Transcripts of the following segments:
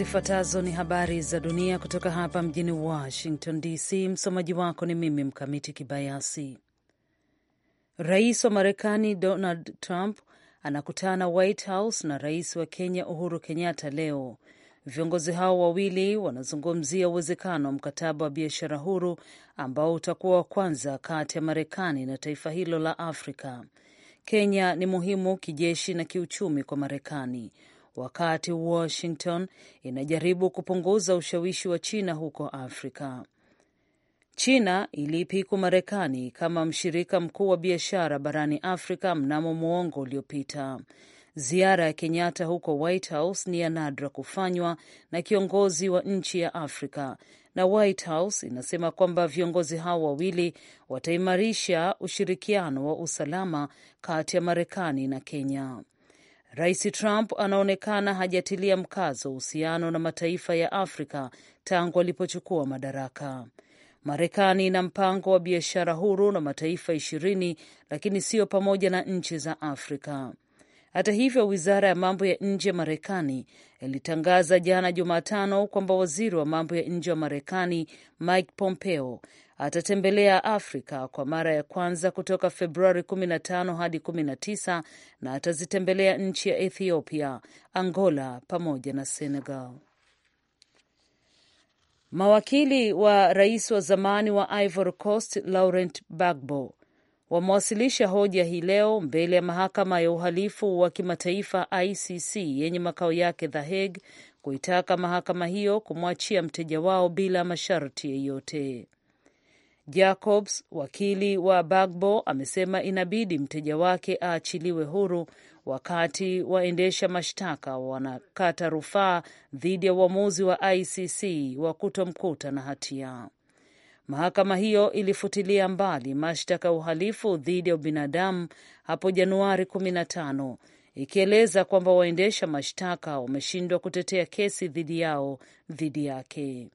Zifuatazo ni habari za dunia kutoka hapa mjini Washington DC. Msomaji wako ni mimi Mkamiti Kibayasi. Rais wa Marekani Donald Trump anakutana White House na rais wa Kenya Uhuru Kenyatta leo. Viongozi hao wawili wanazungumzia uwezekano wa mkataba wa biashara huru ambao utakuwa wa kwanza kati ya Marekani na taifa hilo la Afrika. Kenya ni muhimu kijeshi na kiuchumi kwa Marekani, wakati Washington inajaribu kupunguza ushawishi wa China huko Afrika. China iliipiku Marekani kama mshirika mkuu wa biashara barani Afrika mnamo muongo uliopita. Ziara ya Kenyatta huko White House ni ya nadra kufanywa na kiongozi wa nchi ya Afrika, na White House inasema kwamba viongozi hao wawili wataimarisha ushirikiano wa usalama kati ya Marekani na Kenya. Rais Trump anaonekana hajatilia mkazo uhusiano na mataifa ya Afrika tangu alipochukua madaraka. Marekani ina mpango wa biashara huru na mataifa ishirini, lakini siyo pamoja na nchi za Afrika. Hata hivyo, wizara ya mambo ya nje ya Marekani ilitangaza jana Jumatano kwamba waziri wa mambo ya nje wa Marekani Mike Pompeo atatembelea Afrika kwa mara ya kwanza kutoka Februari 15 hadi 19 na atazitembelea nchi ya Ethiopia, Angola pamoja na Senegal. Mawakili wa rais wa zamani wa Ivory Coast Laurent Gbagbo wamewasilisha hoja hii leo mbele ya mahakama ya uhalifu wa kimataifa ICC yenye makao yake The Hague kuitaka mahakama hiyo kumwachia mteja wao bila masharti yeyote. Jacobs, wakili wa bagbo amesema inabidi mteja wake aachiliwe huru wakati waendesha mashtaka wanakata rufaa dhidi ya uamuzi wa ICC wa kutomkuta na hatia. Mahakama hiyo ilifutilia mbali mashtaka ya uhalifu dhidi ya ubinadamu hapo Januari 15 ikieleza kwamba waendesha mashtaka wameshindwa kutetea kesi dhidi yao dhidi yake.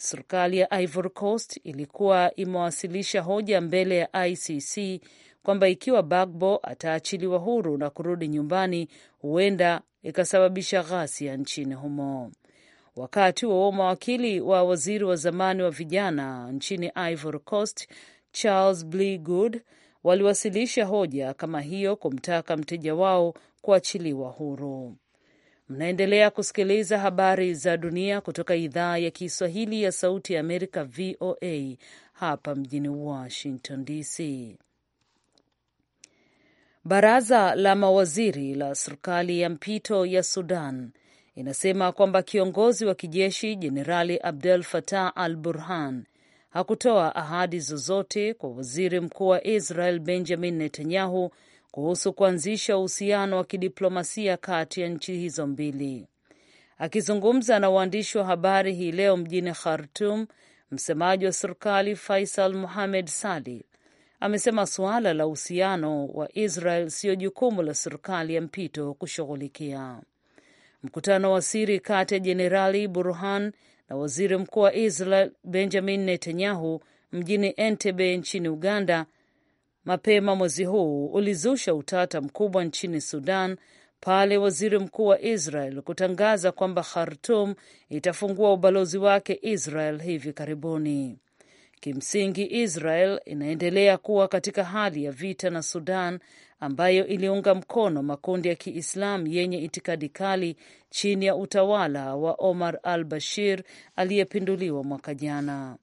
Serikali ya Ivory Coast ilikuwa imewasilisha hoja mbele ya ICC kwamba ikiwa Bagbo ataachiliwa huru na kurudi nyumbani, huenda ikasababisha ghasia nchini humo. Wakati huo mawakili wa waziri wa zamani wa vijana nchini Ivory Coast Charles bl good waliwasilisha hoja kama hiyo kumtaka mteja wao kuachiliwa huru. Mnaendelea kusikiliza habari za dunia kutoka idhaa ya Kiswahili ya Sauti ya Amerika, VOA, hapa mjini Washington DC. Baraza la mawaziri la serikali ya mpito ya Sudan inasema kwamba kiongozi wa kijeshi Jenerali Abdel Fattah al Burhan hakutoa ahadi zozote kwa waziri mkuu wa Israel Benjamin Netanyahu kuhusu kuanzisha uhusiano wa kidiplomasia kati ya nchi hizo mbili. Akizungumza na waandishi wa habari hii leo mjini Khartum, msemaji wa serikali Faisal muhamed sali amesema suala la uhusiano wa Israel siyo jukumu la serikali ya mpito kushughulikia. Mkutano wa siri kati ya Jenerali Burhan na waziri mkuu wa Israel Benjamin Netanyahu mjini Entebbe nchini Uganda mapema mwezi huu ulizusha utata mkubwa nchini Sudan pale waziri mkuu wa Israel kutangaza kwamba Khartum itafungua ubalozi wake Israel hivi karibuni. Kimsingi, Israel inaendelea kuwa katika hali ya vita na Sudan ambayo iliunga mkono makundi ya Kiislamu yenye itikadi kali chini ya utawala wa Omar al Bashir aliyepinduliwa mwaka jana.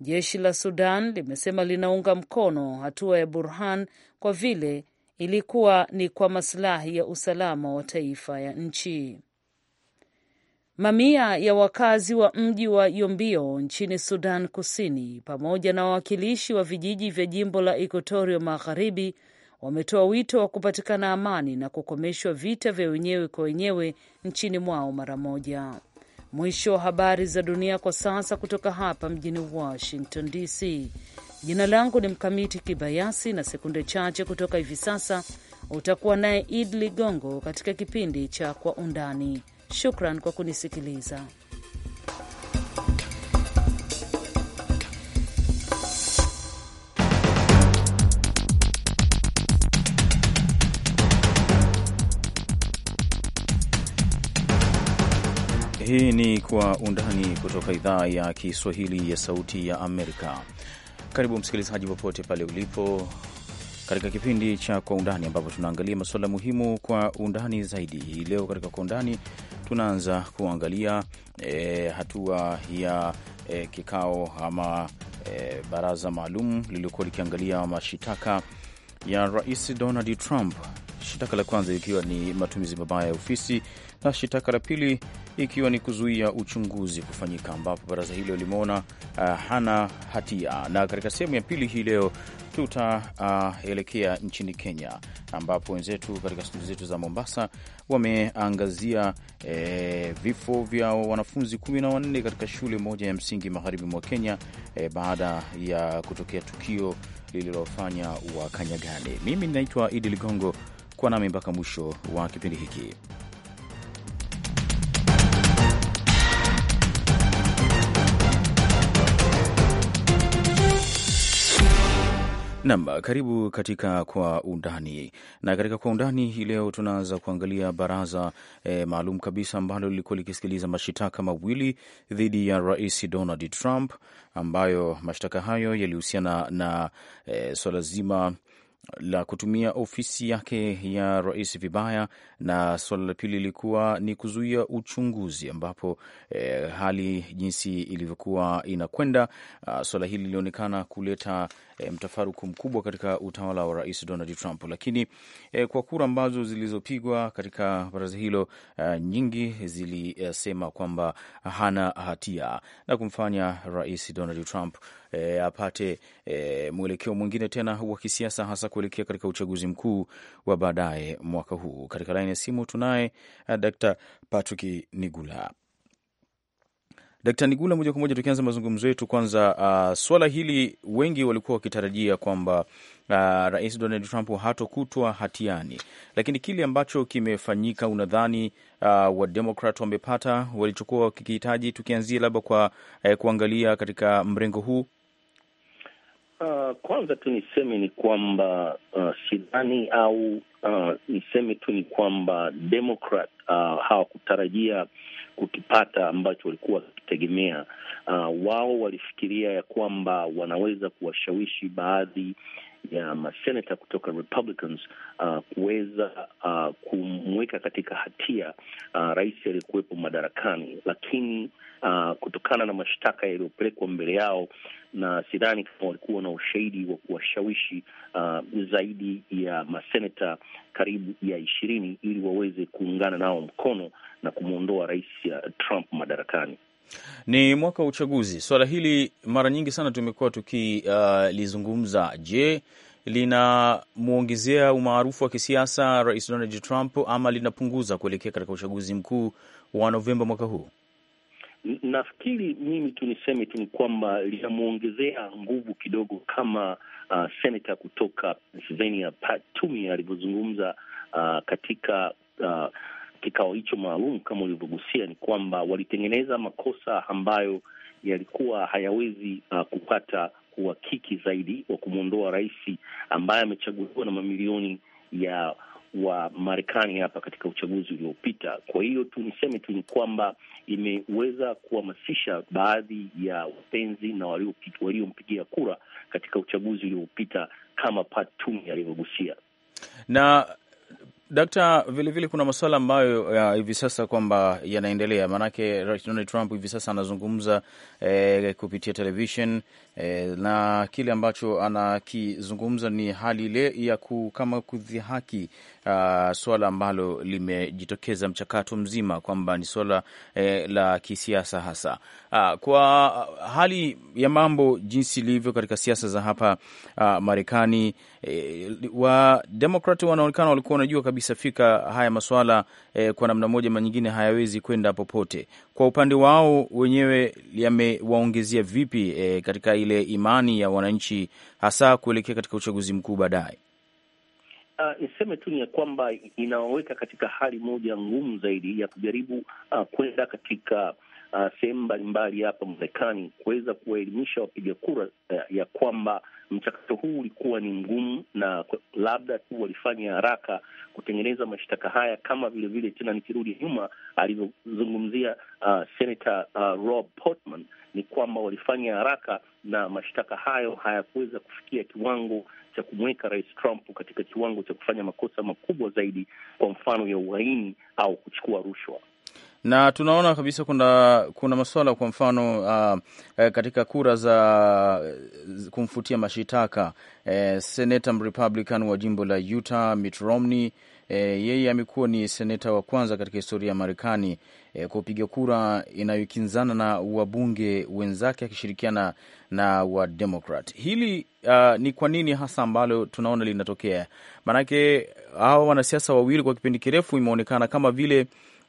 Jeshi la Sudan limesema linaunga mkono hatua ya Burhan kwa vile ilikuwa ni kwa masilahi ya usalama wa taifa ya nchi. Mamia ya wakazi wa mji wa Yombio nchini Sudan Kusini pamoja na wawakilishi wa vijiji vya jimbo la Equatoria Magharibi wametoa wito wa kupatikana amani na kukomeshwa vita vya wenyewe kwa wenyewe nchini mwao mara moja. Mwisho wa habari za dunia kwa sasa kutoka hapa mjini Washington DC. Jina langu ni Mkamiti Kibayasi, na sekunde chache kutoka hivi sasa utakuwa naye Id Ligongo katika kipindi cha Kwa Undani. Shukran kwa kunisikiliza. Hii ni Kwa Undani kutoka idhaa ya Kiswahili ya Sauti ya Amerika. Karibu msikilizaji, popote pale ulipo katika kipindi cha Kwa Undani ambapo tunaangalia masuala muhimu kwa undani zaidi. Hii leo katika Kwa Undani tunaanza kuangalia e, hatua ya e, kikao ama e, baraza maalum lililokuwa likiangalia mashitaka ya Rais Donald Trump, shitaka la kwanza ikiwa ni matumizi mabaya ya ofisi na shitaka la pili ikiwa ni kuzuia uchunguzi kufanyika, ambapo baraza hilo limeona uh, hana hatia. Na katika sehemu ya pili hii leo tutaelekea uh, nchini Kenya, ambapo wenzetu katika studio zetu za Mombasa wameangazia eh, vifo vya wanafunzi kumi na wanne katika shule moja ya msingi magharibi mwa Kenya eh, baada ya kutokea tukio lililofanya wakanyagane. Mimi ninaitwa Idi Ligongo, kwa nami mpaka mwisho wa kipindi hiki. Nam, karibu katika Kwa Undani. Na katika Kwa Undani hii leo tunaanza kuangalia baraza e, maalum kabisa ambalo lilikuwa likisikiliza mashitaka mawili dhidi ya Rais Donald Trump, ambayo mashtaka hayo yalihusiana na e, swala zima la kutumia ofisi yake ya rais vibaya, na suala la pili lilikuwa ni kuzuia uchunguzi, ambapo eh, hali jinsi ilivyokuwa inakwenda, uh, ah, suala hili lilionekana kuleta e, mtafaruku mkubwa katika utawala wa Rais Donald Trump, lakini e, kwa kura ambazo zilizopigwa katika baraza hilo e, nyingi zilisema kwamba hana hatia na kumfanya Rais Donald Trump e, apate e, mwelekeo mwingine tena wa kisiasa hasa kuelekea katika uchaguzi mkuu wa baadaye mwaka huu. Katika laini ya simu tunaye e, Dr. Patrick Nigula. Dkt. Nigula, moja kwa moja tukianza mazungumzo yetu kwanza, uh, swala hili wengi walikuwa wakitarajia kwamba uh, Rais Donald Trump hatokutwa hatiani, lakini kile ambacho kimefanyika, unadhani uh, Wademokrat wamepata walichokuwa wakikihitaji? Tukianzia labda kwa uh, kuangalia katika mrengo huu uh, kwanza tu niseme ni kwamba uh, sidhani au uh, niseme tu ni kwamba Demokrat uh, hawakutarajia kukipata ambacho walikuwa wakitegemea. Uh, wao walifikiria ya kwamba wanaweza kuwashawishi baadhi ya maseneta kutoka Republicans uh, kuweza uh, kumweka katika hatia uh, rais aliyekuwepo madarakani, lakini uh, kutokana na mashtaka yaliyopelekwa mbele yao, na sidhani kama walikuwa na ushahidi wa kuwashawishi uh, zaidi ya maseneta karibu ya ishirini ili waweze kuungana nao mkono na kumwondoa rais uh, Trump madarakani. Ni mwaka wa uchaguzi. Swala hili mara nyingi sana tumekuwa tukilizungumza. Uh, je, linamwongezea umaarufu wa kisiasa Rais Donald Trump ama linapunguza kuelekea katika uchaguzi mkuu wa Novemba mwaka huu? Nafikiri mimi tu niseme tu ni kwamba linamwongezea nguvu kidogo, kama uh, senata kutoka Pennsylvania Pat Toomey alivyozungumza uh, katika uh, kikao hicho maalum kama ulivyogusia, ni kwamba walitengeneza makosa ambayo yalikuwa hayawezi uh, kupata uhakiki zaidi wa kumwondoa rais ambaye amechaguliwa na mamilioni ya wa Marekani hapa katika uchaguzi uliopita. Kwa hiyo tu niseme tu ni kwamba imeweza kuhamasisha baadhi ya wapenzi na waliompigia kura katika uchaguzi uliopita, kama Pat alivyogusia na Dakta, vilevile kuna masuala ambayo hivi sasa kwamba yanaendelea, maanake Donald Trump hivi sasa anazungumza eh, kupitia television e, na kile ambacho anakizungumza ni hali ile ya kama kudhihaki uh, suala ambalo limejitokeza mchakato mzima kwamba ni suala uh, e, la kisiasa hasa uh, kwa hali ya mambo jinsi ilivyo katika siasa za hapa uh, Marekani e, Wademokrati wanaonekana walikuwa wanajua kabisa fika haya maswala uh, kwa namna moja ama nyingine hayawezi kwenda popote. Kwa upande wao wenyewe yamewaongezea vipi e, katika ile imani ya wananchi hasa kuelekea katika uchaguzi mkuu baadaye? Uh, niseme tu ni ya kwamba inaoweka katika hali moja ngumu zaidi ya kujaribu uh, kwenda katika uh, sehemu mbalimbali hapa Marekani kuweza kuwaelimisha wapiga kura uh, ya kwamba mchakato huu ulikuwa ni mgumu na labda tu walifanya haraka kutengeneza mashtaka haya, kama vilevile vile, tena nikirudi nyuma alivyozungumzia uh, senata uh, Rob Portman ni kwamba walifanya haraka na mashtaka hayo hayakuweza kufikia kiwango cha kumweka Rais Trump katika kiwango cha kufanya makosa makubwa zaidi, kwa mfano ya uhaini au kuchukua rushwa na tunaona kabisa kuna, kuna masuala kwa mfano uh, eh, katika kura za eh, kumfutia mashitaka uh, eh, senata mrepublican wa jimbo la Utah Mitt Romney uh, yeye amekuwa ni seneta wa kwanza katika historia ya Marekani uh, kupiga kura inayokinzana na wabunge wenzake akishirikiana na Wademokrat. Hili uh, ni kwa nini hasa ambalo tunaona linatokea? Maanake hawa wanasiasa wawili kwa kipindi kirefu imeonekana kama vile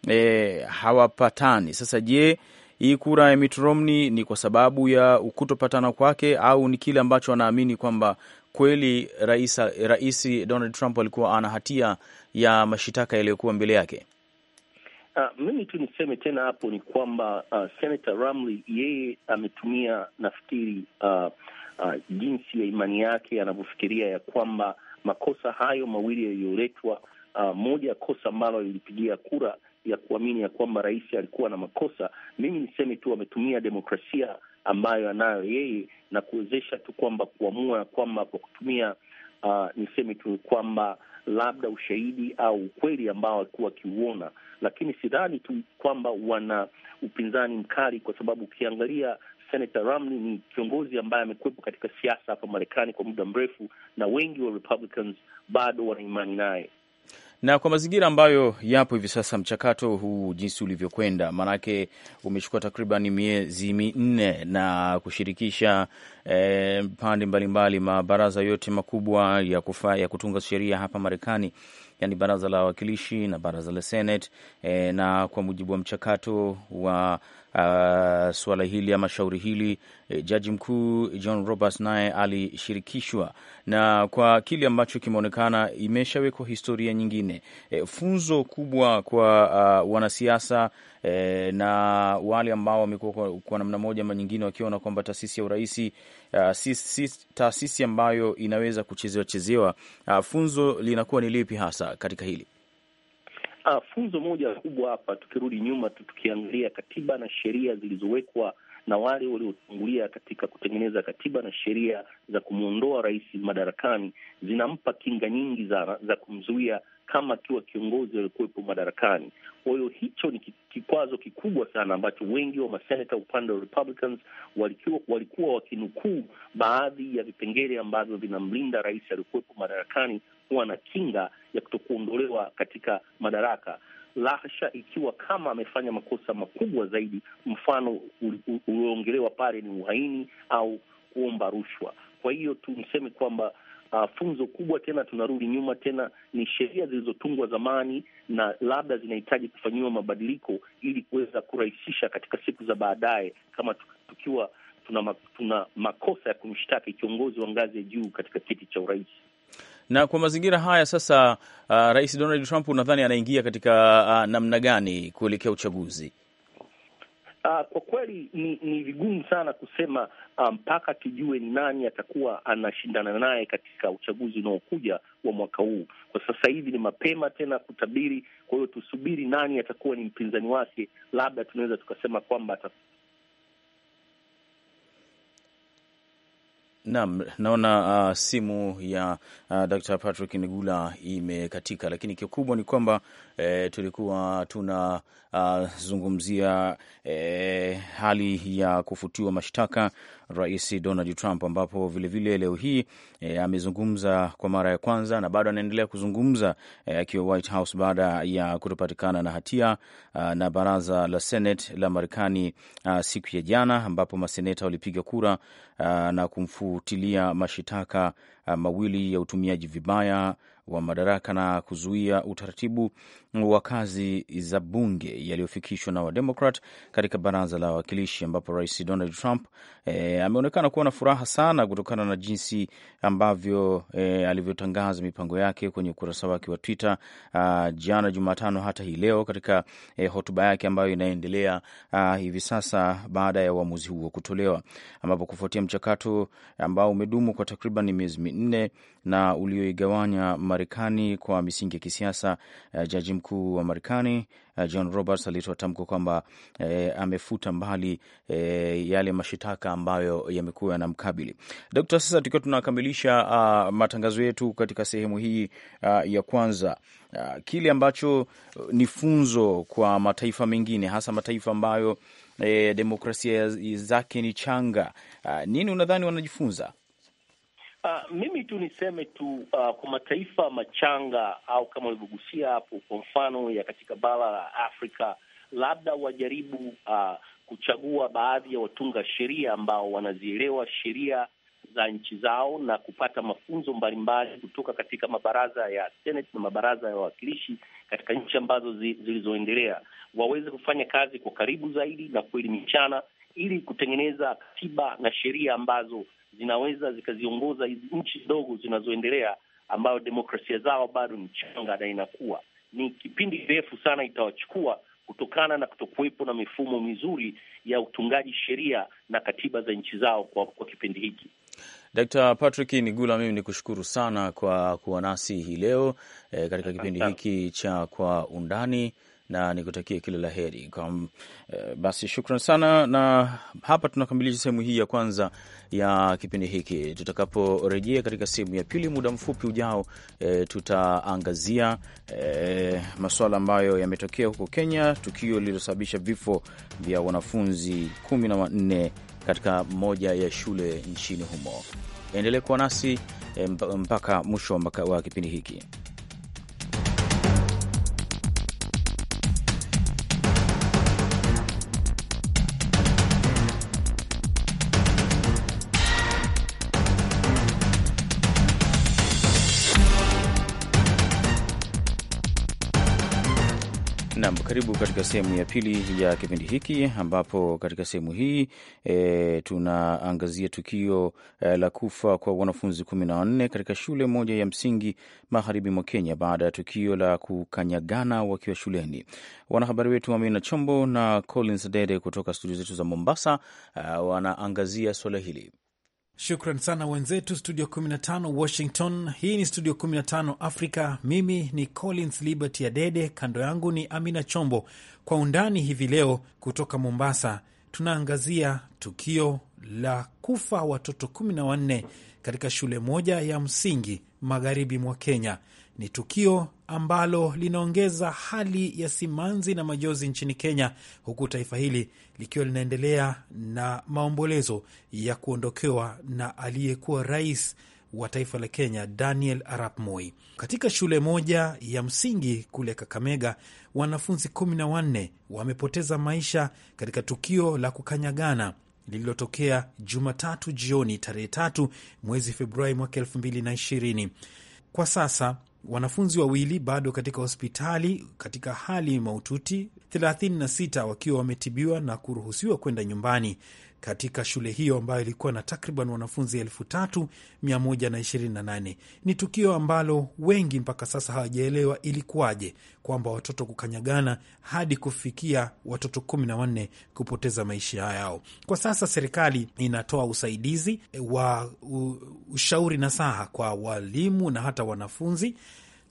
e, hawapatani. Sasa je, hii kura ya Mitt Romney ni kwa sababu ya kutopatana kwake au ni kile ambacho anaamini kwamba kweli rais, rais Donald Trump alikuwa ana hatia ya mashitaka yaliyokuwa mbele yake? Uh, mimi tu niseme tena hapo ni kwamba uh, Senator Romney yeye ametumia nafikiri uh, uh, jinsi ya imani yake anavyofikiria ya kwamba makosa hayo mawili yaliyoletwa, uh, moja ya kosa ambalo lilipigia kura ya kuamini ya kwamba rais alikuwa na makosa, mimi niseme tu ametumia demokrasia ambayo anayo yeye na kuwezesha tu kwamba kuamua kwamba kwa kutumia uh, niseme tu kwamba labda ushahidi au ukweli ambao alikuwa akiuona, lakini sidhani tu kwamba wana upinzani mkali, kwa sababu ukiangalia Senator Romney ni kiongozi ambaye amekuwepo katika siasa hapa Marekani kwa muda mrefu, na wengi wa Republicans bado wana imani naye na kwa mazingira ambayo yapo hivi sasa, mchakato huu jinsi ulivyokwenda, maanake umechukua takriban miezi minne na kushirikisha eh, pande mbalimbali, mabaraza yote makubwa ya, kufa, ya kutunga sheria hapa Marekani, yani baraza la wawakilishi na baraza la Senate eh, na kwa mujibu wa mchakato wa uh, suala hili ama shauri hili eh, jaji mkuu John Roberts naye alishirikishwa na kwa kile ambacho kimeonekana imeshawekwa historia nyingine, eh, funzo kubwa kwa uh, wanasiasa eh, na wale ambao wamekuwa kwa, kwa namna moja ama nyingine wakiona kwamba taasisi ya uraisi uh, si, si, taasisi ambayo inaweza kuchezewa chezewa. Uh, funzo linakuwa ni lipi hasa katika hili? Uh, funzo moja kubwa hapa, tukirudi nyuma tu tukiangalia katiba na sheria zilizowekwa na wale waliotangulia katika kutengeneza katiba na sheria za kumwondoa rais madarakani, zinampa kinga nyingi za, za kumzuia kama akiwa kiongozi waliokuwepo madarakani. Kwa hiyo hicho ni kikwazo kikubwa sana ambacho wengi wa maseneta upande wa Republicans walikuwa, walikuwa wakinukuu baadhi ya vipengele ambavyo vinamlinda rais aliyokuwepo madarakani kuwa na kinga ya kutokuondolewa katika madaraka, lahasha, ikiwa kama amefanya makosa makubwa zaidi. Mfano ulioongelewa pale ni uhaini au kuomba rushwa. Kwa hiyo tuseme kwamba Uh, funzo kubwa tena, tunarudi nyuma tena, ni sheria zilizotungwa zamani na labda zinahitaji kufanyiwa mabadiliko ili kuweza kurahisisha katika siku za baadaye, kama tukiwa tuna, tuna makosa ya kumshtaki kiongozi wa ngazi ya juu katika kiti cha urais. Na kwa mazingira haya sasa, uh, Rais Donald Trump unadhani anaingia katika uh, namna gani kuelekea uchaguzi? Uh, kwa kweli ni, ni vigumu sana kusema uh, mpaka um, tujue ni nani atakuwa anashindana naye katika uchaguzi unaokuja wa mwaka huu. Kwa sasa hivi ni mapema tena kutabiri, kwa hiyo tusubiri nani atakuwa ni mpinzani wake, labda tunaweza tukasema kwamba Naam, naona uh, simu ya uh, Dr. Patrick Ngula imekatika, lakini kikubwa ni kwamba e, tulikuwa tunazungumzia e, hali ya kufutiwa mashtaka Rais Donald Trump, ambapo vilevile leo hii e, amezungumza kwa mara ya kwanza na bado anaendelea kuzungumza e, akiwa e, White House baada ya kutopatikana na hatia a, na baraza la Senate la Marekani siku ya jana, ambapo maseneta walipiga kura a, na kumfutilia mashitaka mawili ya utumiaji vibaya wa madaraka na kuzuia utaratibu wa kazi za bunge yaliyofikishwa na Wademokrat katika baraza la wawakilishi, ambapo Rais Donald Trump e, ameonekana kuwa na furaha sana kutokana na jinsi ambavyo e, alivyotangaza mipango yake kwenye ukurasa wake wa Twitter a, ah, jana Jumatano, hata hii leo katika e, hotuba yake ambayo inaendelea a, ah, hivi sasa baada ya uamuzi huo kutolewa, ambapo kufuatia mchakato ambao umedumu kwa takriban miezi minne na ulioigawanya Marekani kwa misingi ya kisiasa a, jaji mkuu wa Marekani eh, John Roberts alitoa tamko kwamba eh, amefuta mbali eh, yale mashitaka ambayo yamekuwa yanamkabili Dokta. Sasa tukiwa tunakamilisha uh, matangazo yetu katika sehemu hii uh, ya kwanza uh, kile ambacho eh, ni funzo kwa mataifa mengine hasa mataifa ambayo eh, demokrasia zake ni changa uh, nini unadhani wanajifunza? Uh, mimi tu niseme tu uh, kwa mataifa machanga au kama ulivyogusia hapo, kwa mfano ya katika bara la Afrika, labda wajaribu uh, kuchagua baadhi ya watunga sheria ambao wanazielewa sheria za nchi zao na kupata mafunzo mbalimbali kutoka katika mabaraza ya Senate na mabaraza ya wawakilishi katika nchi ambazo zilizoendelea, waweze kufanya kazi kwa karibu zaidi na kuelimishana ili kutengeneza katiba na sheria ambazo zinaweza zikaziongoza hizi nchi ndogo zinazoendelea ambayo demokrasia zao bado ni changa na inakuwa ni kipindi kirefu sana itawachukua kutokana na kutokuwepo na mifumo mizuri ya utungaji sheria na katiba za nchi zao kwa, kwa kipindi hiki. Dr. Patrick Nigula, mimi ni kushukuru sana kwa kuwa nasi hii leo e, katika kipindi hiki cha Kwa Undani na nikutakie kila la heri. Eh, basi shukran sana, na hapa tunakamilisha sehemu hii ya kwanza ya kipindi hiki. Tutakaporejea katika sehemu ya pili muda mfupi ujao, e, tutaangazia e, eh, masuala ambayo yametokea huko Kenya, tukio lililosababisha vifo vya wanafunzi kumi na wanne katika moja ya shule nchini humo. Endelee kuwa nasi mpaka mwisho wa kipindi hiki. Nam, karibu katika sehemu ya pili ya kipindi hiki ambapo katika sehemu hii e, tunaangazia tukio e, la kufa kwa wanafunzi kumi na wanne katika shule moja ya msingi magharibi mwa Kenya baada ya tukio la kukanyagana wakiwa shuleni. Wanahabari wetu Amina Chombo na Collins Dede kutoka studio zetu za Mombasa a, e, wanaangazia suala hili. Shukran sana wenzetu studio 15 Washington. Hii ni studio 15 Afrika. Mimi ni Collins Liberty Adede, kando yangu ni Amina Chombo. Kwa undani hivi leo kutoka Mombasa tunaangazia tukio la kufa watoto 14 katika shule moja ya msingi magharibi mwa Kenya ni tukio ambalo linaongeza hali ya simanzi na majozi nchini Kenya, huku taifa hili likiwa linaendelea na maombolezo ya kuondokewa na aliyekuwa rais wa taifa la Kenya Daniel Arap Moi. Katika shule moja ya msingi kule Kakamega, wanafunzi kumi na wanne wamepoteza maisha katika tukio la kukanyagana lililotokea Jumatatu jioni tarehe tatu mwezi Februari mwaka elfu mbili na ishirini. Kwa sasa wanafunzi wawili bado katika hospitali katika hali mahututi, 36 wakiwa wametibiwa na kuruhusiwa kwenda nyumbani katika shule hiyo ambayo ilikuwa na takriban wanafunzi nane Ni tukio ambalo wengi mpaka sasa hawajaelewa ilikuwaje, kwamba watoto kukanyagana hadi kufikia watoto 14 kupoteza maisha yao. Kwa sasa serikali inatoa usaidizi wa ushauri na saha kwa walimu na hata wanafunzi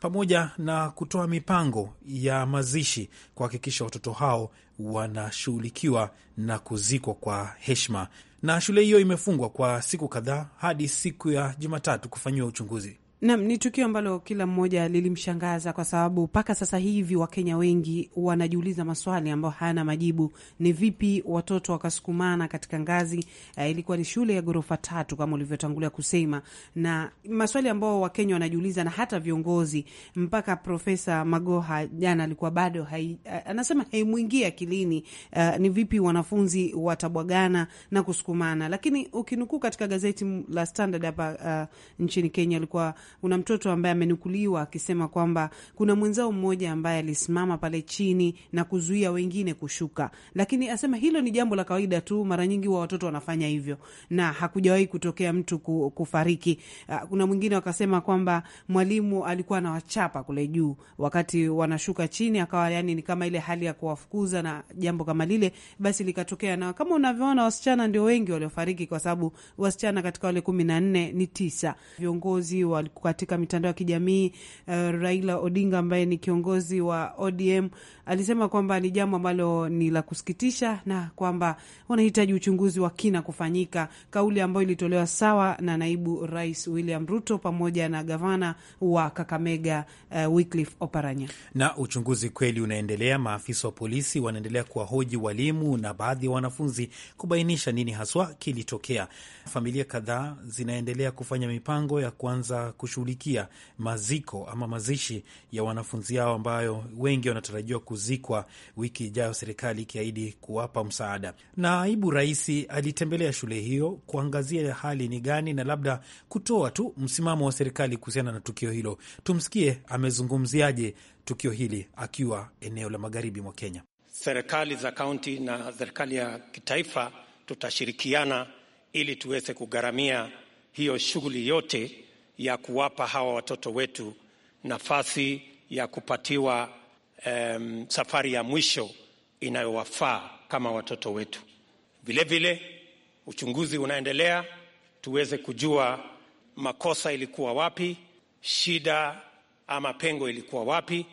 pamoja na kutoa mipango ya mazishi kuhakikisha watoto hao wanashughulikiwa na kuzikwa kwa heshima. Na shule hiyo imefungwa kwa siku kadhaa hadi siku ya Jumatatu kufanyiwa uchunguzi. Nam, ni tukio ambalo kila mmoja lilimshangaza kwa sababu mpaka sasa hivi Wakenya wengi wanajiuliza maswali ambayo hayana majibu. Ni vipi watoto wakasukumana katika ngazi? Uh, ilikuwa ni shule ya ghorofa tatu kama ulivyotangulia kusema, na maswali ambayo Wakenya wanajiuliza na hata viongozi. Mpaka Profesa Magoha jana alikuwa bado hai, uh, anasema haimwingii akilini, uh, ni vipi wanafunzi watabwagana na kusukumana. Lakini ukinukuu katika gazeti la Standard hapa uh, nchini Kenya alikuwa kuna mtoto ambaye amenukuliwa akisema kwamba kuna mwenzao mmoja ambaye alisimama pale chini na kuzuia wengine kushuka, lakini asema hilo ni jambo la kawaida tu, mara nyingi wa watoto wanafanya hivyo na hakujawahi kutokea mtu kufariki. Ah, kuna mwingine wakasema kwamba mwalimu alikuwa anawachapa kule juu wakati wanashuka chini, akawa yani ni kama ile hali ya kuwafukuza na jambo kama lile, basi likatokea. Na kama unavyoona wasichana ndio wengi waliofariki, kwa sababu wasichana katika wale kumi na nne ni tisa. Viongozi walikuwa katika mitandao ya kijamii uh, Raila Odinga ambaye ni kiongozi wa ODM alisema kwamba ni jambo ambalo ni la kusikitisha na kwamba wanahitaji uchunguzi wa kina kufanyika, kauli ambayo ilitolewa sawa na naibu rais William Ruto pamoja na gavana wa Kakamega uh, Wycliffe Oparanya. Na uchunguzi kweli unaendelea. Maafisa wa polisi wanaendelea kuwahoji walimu na baadhi ya wanafunzi kubainisha nini haswa kilitokea. Familia kadhaa zinaendelea kufanya mipango ya kuanza kushughulikia maziko ama mazishi ya wanafunzi hao ambayo wengi wanatarajiwa kuzikwa wiki ijayo, serikali ikiahidi kuwapa msaada. Naibu rais alitembelea shule hiyo kuangazia hali ni gani na labda kutoa tu msimamo wa serikali kuhusiana na tukio hilo. Tumsikie amezungumziaje tukio hili akiwa eneo la magharibi mwa Kenya. Serikali za kaunti na serikali ya kitaifa tutashirikiana ili tuweze kugharamia hiyo shughuli yote ya kuwapa hawa watoto wetu nafasi ya kupatiwa um, safari ya mwisho inayowafaa kama watoto wetu. Vilevile vile, uchunguzi unaendelea tuweze kujua makosa ilikuwa wapi, shida ama pengo ilikuwa wapi,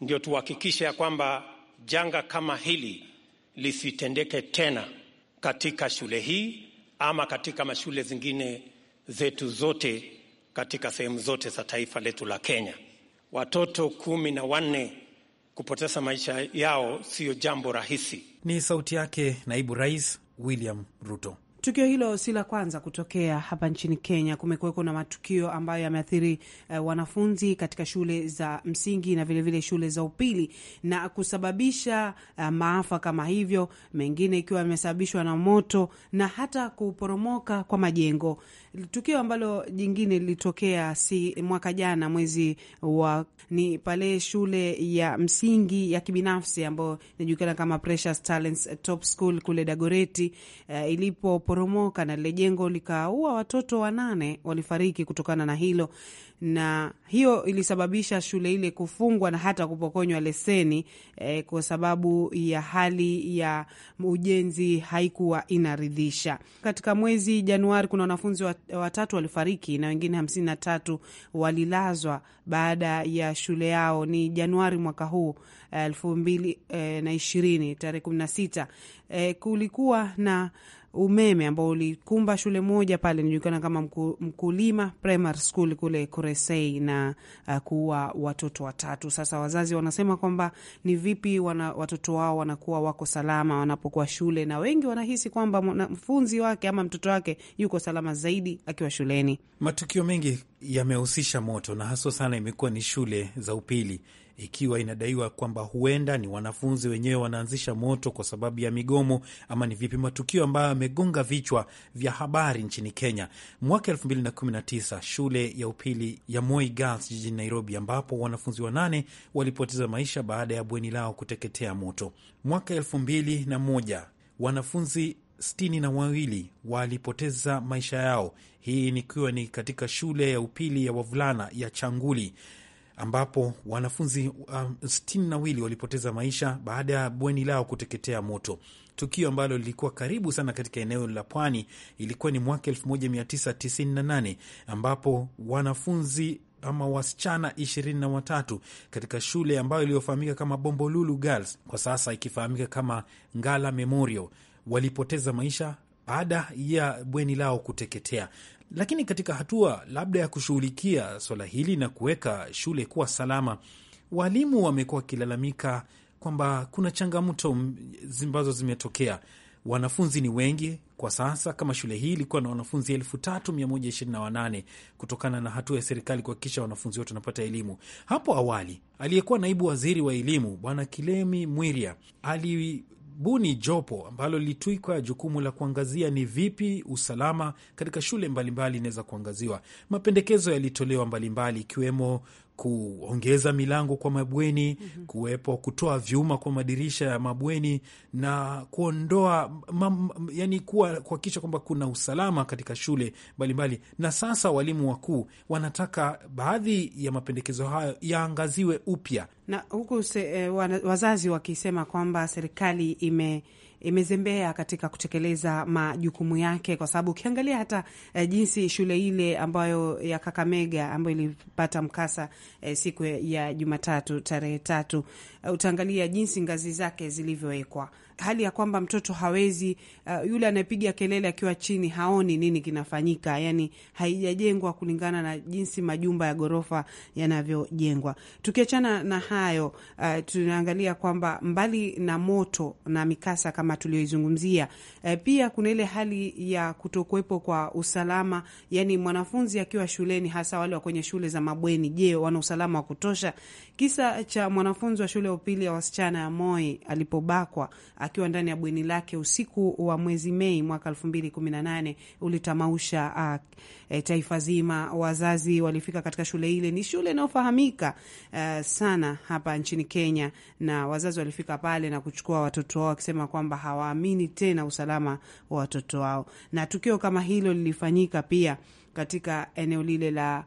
ndio tuhakikishe ya kwamba janga kama hili lisitendeke tena katika shule hii ama katika mashule zingine zetu zote katika sehemu zote za taifa letu la Kenya. Watoto kumi na wanne kupoteza maisha yao siyo jambo rahisi. Ni sauti yake naibu rais William Ruto. Tukio hilo si la kwanza kutokea hapa nchini Kenya. Kumekuweko na matukio ambayo yameathiri uh, wanafunzi katika shule za msingi na vilevile vile shule za upili na kusababisha uh, maafa kama hivyo, mengine ikiwa yamesababishwa na moto na hata kuporomoka kwa majengo. Tukio ambalo jingine lilitokea si mwaka jana mwezi wa ni pale shule ya msingi ya kibinafsi ambayo inajulikana kama Precious Talents Top School kule Dagoreti uh, eh, ilipo liliporomoka na lile jengo likaua watoto wanane, walifariki kutokana na hilo, na hiyo ilisababisha shule ile kufungwa na hata kupokonywa leseni eh, kwa sababu ya hali ya ujenzi haikuwa inaridhisha. Katika mwezi Januari kuna wanafunzi watatu walifariki na wengine hamsini na tatu walilazwa baada ya shule yao. Ni Januari mwaka huu eh, elfu mbili eh, na ishirini tarehe kumi na sita eh, kulikuwa na umeme ambao ulikumba shule moja pale inajulikana kama mku, Mkulima Primary School kule Kuresei na uh, kuua watoto watatu. Sasa wazazi wanasema kwamba ni vipi wana, watoto wao wanakuwa wako salama wanapokuwa shule, na wengi wanahisi kwamba mfunzi wake ama mtoto wake yuko salama zaidi akiwa shuleni. Matukio mengi yamehusisha moto na haswa sana imekuwa ni shule za upili ikiwa inadaiwa kwamba huenda ni wanafunzi wenyewe wanaanzisha moto kwa sababu ya migomo ama ni vipi. Matukio ambayo yamegonga vichwa vya habari nchini Kenya mwaka 2019, shule ya upili ya Moi Girls jijini Nairobi, ambapo wanafunzi wanane walipoteza maisha baada ya bweni lao kuteketea moto. Mwaka 2001 wanafunzi sitini na wawili walipoteza maisha yao, hii nikiwa ni katika shule ya upili ya wavulana ya Changuli ambapo wanafunzi um, na wawili walipoteza maisha baada ya bweni lao kuteketea moto, tukio ambalo lilikuwa karibu sana katika eneo la pwani. Ilikuwa ni mwaka 1998 ambapo wanafunzi ama wasichana ishirini na watatu katika shule ambayo iliyofahamika kama Bombolulu Girls, kwa sasa ikifahamika kama Ngala Memorial, walipoteza maisha baada ya bweni lao kuteketea. Lakini katika hatua labda ya kushughulikia swala hili na kuweka shule kuwa salama, walimu wamekuwa wakilalamika kwamba kuna changamoto ambazo zimetokea. Wanafunzi ni wengi kwa sasa. Kama shule hii ilikuwa na wanafunzi elfu tatu mia moja ishirini na wanane kutokana na hatua ya serikali kuhakikisha wanafunzi wote wanapata elimu. Hapo awali aliyekuwa naibu waziri wa elimu Bwana Kilemi Mwiria ali buni jopo ambalo lilitwikwa jukumu la kuangazia ni vipi usalama katika shule mbalimbali inaweza kuangaziwa. Mapendekezo yalitolewa mbalimbali, ikiwemo kuongeza milango kwa mabweni mm -hmm. kuwepo kutoa vyuma kwa madirisha ya mabweni na kuondoa yani kuwa kuhakikisha kwamba kuna usalama katika shule mbalimbali. Na sasa walimu wakuu wanataka baadhi ya mapendekezo hayo yaangaziwe upya, na huku se, eh, wazazi wakisema kwamba serikali ime imezembea katika kutekeleza majukumu yake, kwa sababu ukiangalia hata e, jinsi shule ile ambayo ya Kakamega ambayo ilipata mkasa e, siku ya Jumatatu tarehe tatu Eh, utaangalia jinsi ngazi zake zilivyowekwa, hali ya kwamba mtoto hawezi uh, yule anayepiga kelele akiwa chini haoni nini kinafanyika, yani haijajengwa kulingana na jinsi majumba ya ghorofa yanavyojengwa. Tukiachana na hayo, uh, tunaangalia kwamba mbali na moto na mikasa kama tuliyoizungumzia, uh, pia kuna ile hali ya kutokuwepo kwa usalama, yani mwanafunzi akiwa shuleni, hasa wale wa kwenye shule za mabweni. Je, wana usalama wa kutosha? Kisa cha mwanafunzi wa shule ya upili ya wasichana ya Moi alipobakwa akiwa ndani ya bweni lake usiku wa mwezi Mei mwaka elfu mbili kumi na nane ulitamausha a, ah, e, eh, taifa zima. Wazazi walifika katika shule ile, ni shule inayofahamika uh, sana hapa nchini Kenya, na wazazi walifika pale na kuchukua watoto wao wakisema kwamba hawaamini tena usalama wa watoto wao, na tukio kama hilo lilifanyika pia katika eneo lile la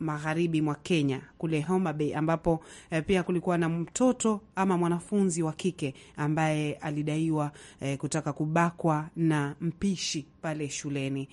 magharibi mwa Kenya kule Homa Bay, ambapo eh, pia kulikuwa na mtoto ama mwanafunzi wa kike ambaye alidaiwa eh, kutaka kubakwa na mpishi pale shuleni.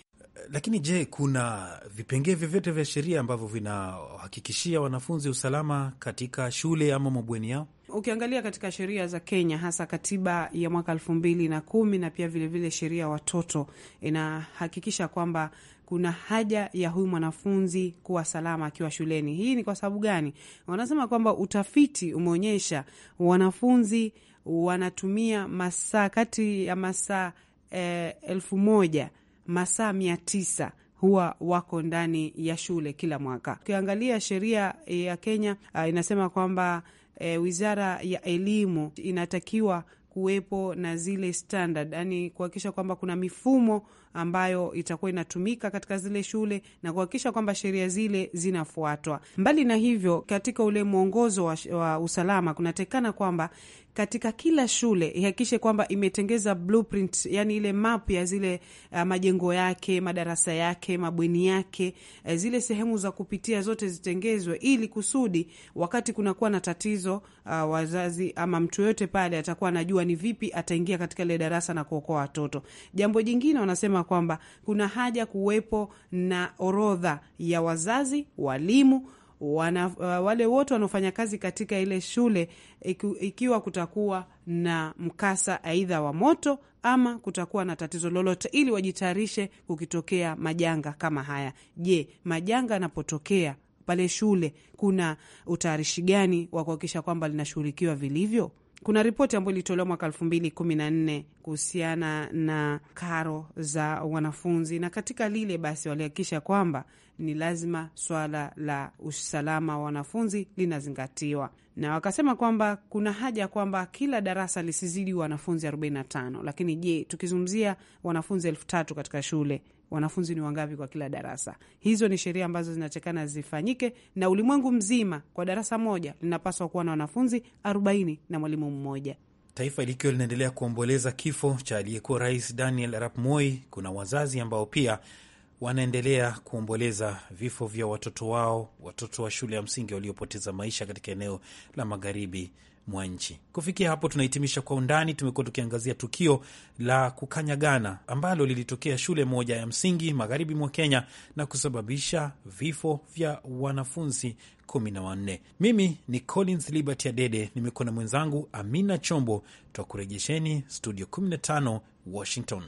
Lakini je, kuna vipengee vyovyote vya sheria ambavyo vinahakikishia wanafunzi usalama katika shule ama mabweni yao? Ukiangalia katika sheria za Kenya, hasa katiba ya mwaka elfu mbili na kumi na pia vilevile sheria ya watoto inahakikisha kwamba kuna haja ya huyu mwanafunzi kuwa salama akiwa shuleni. Hii ni kwa sababu gani? Wanasema kwamba utafiti umeonyesha wanafunzi wanatumia masaa kati ya masaa eh, elfu moja masaa mia tisa huwa wako ndani ya shule kila mwaka. Ukiangalia sheria ya Kenya uh, inasema kwamba eh, wizara ya elimu inatakiwa kuwepo na zile standard, yani kuhakikisha kwamba kuna mifumo ambayo itakuwa inatumika katika zile shule na kuhakikisha kwamba sheria zile zinafuatwa. Mbali na hivyo, katika ule mwongozo wa, wa usalama kunatakikana kwamba katika kila shule ihakikishe kwamba imetengeza blueprint, yani ile map ya zile uh, majengo yake, madarasa yake, mabweni yake, uh, zile sehemu za kupitia zote zitengezwe, ili kusudi wakati kunakuwa na tatizo uh, wazazi ama mtu yoyote pale atakuwa anajua ni vipi ataingia katika ile darasa na kuokoa watoto. Jambo jingine wanasema kwamba kuna haja kuwepo na orodha ya wazazi, walimu wana, uh, wale wote wanaofanya kazi katika ile shule, ikiwa kutakuwa na mkasa aidha wa moto ama kutakuwa na tatizo lolote, ili wajitayarishe kukitokea majanga kama haya. Je, majanga yanapotokea pale shule, kuna utayarishi gani wa kuhakikisha kwamba linashughulikiwa vilivyo? Kuna ripoti ambayo ilitolewa mwaka elfu mbili kumi na nne kuhusiana na karo za wanafunzi, na katika lile basi walihakikisha kwamba ni lazima swala la usalama wa wanafunzi linazingatiwa, na wakasema kwamba kuna haja kwamba kila darasa lisizidi wanafunzi 45. Lakini je, tukizungumzia wanafunzi elfu tatu katika shule wanafunzi ni wangapi kwa kila darasa? Hizo ni sheria ambazo zinatakikana zifanyike, na ulimwengu mzima kwa darasa moja linapaswa kuwa na wanafunzi 40 na mwalimu mmoja. Taifa likiwa linaendelea kuomboleza kifo cha aliyekuwa rais Daniel Arap Moi, kuna wazazi ambao pia wanaendelea kuomboleza vifo vya watoto wao, watoto wa shule ya msingi waliopoteza maisha katika eneo la magharibi mwa nchi. Kufikia hapo, tunahitimisha Kwa Undani. Tumekuwa tukiangazia tukio la kukanyagana ambalo lilitokea shule moja ya msingi magharibi mwa Kenya na kusababisha vifo vya wanafunzi kumi na wanne. Mimi ni Collins Liberty Adede, nimekuwa na mwenzangu Amina Chombo. Twakurejesheni studio 15 Washington.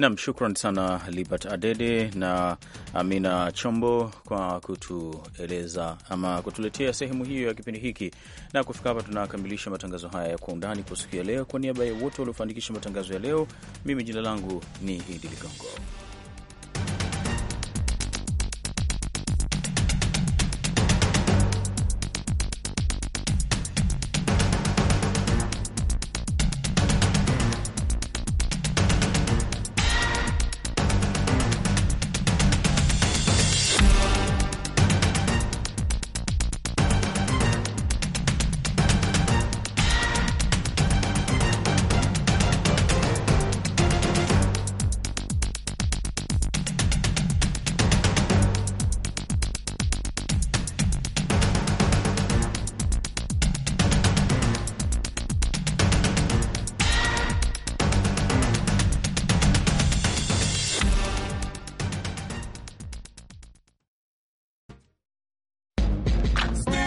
Nam, shukran sana Libert Adede na Amina Chombo kwa kutueleza ama kutuletea sehemu hiyo ya kipindi hiki. Na kufika hapa, tunakamilisha matangazo haya ya Kwa Undani kwa siku ya leo. Kwa niaba ya wote waliofanikisha matangazo ya leo, mimi jina langu ni Idi Ligongo.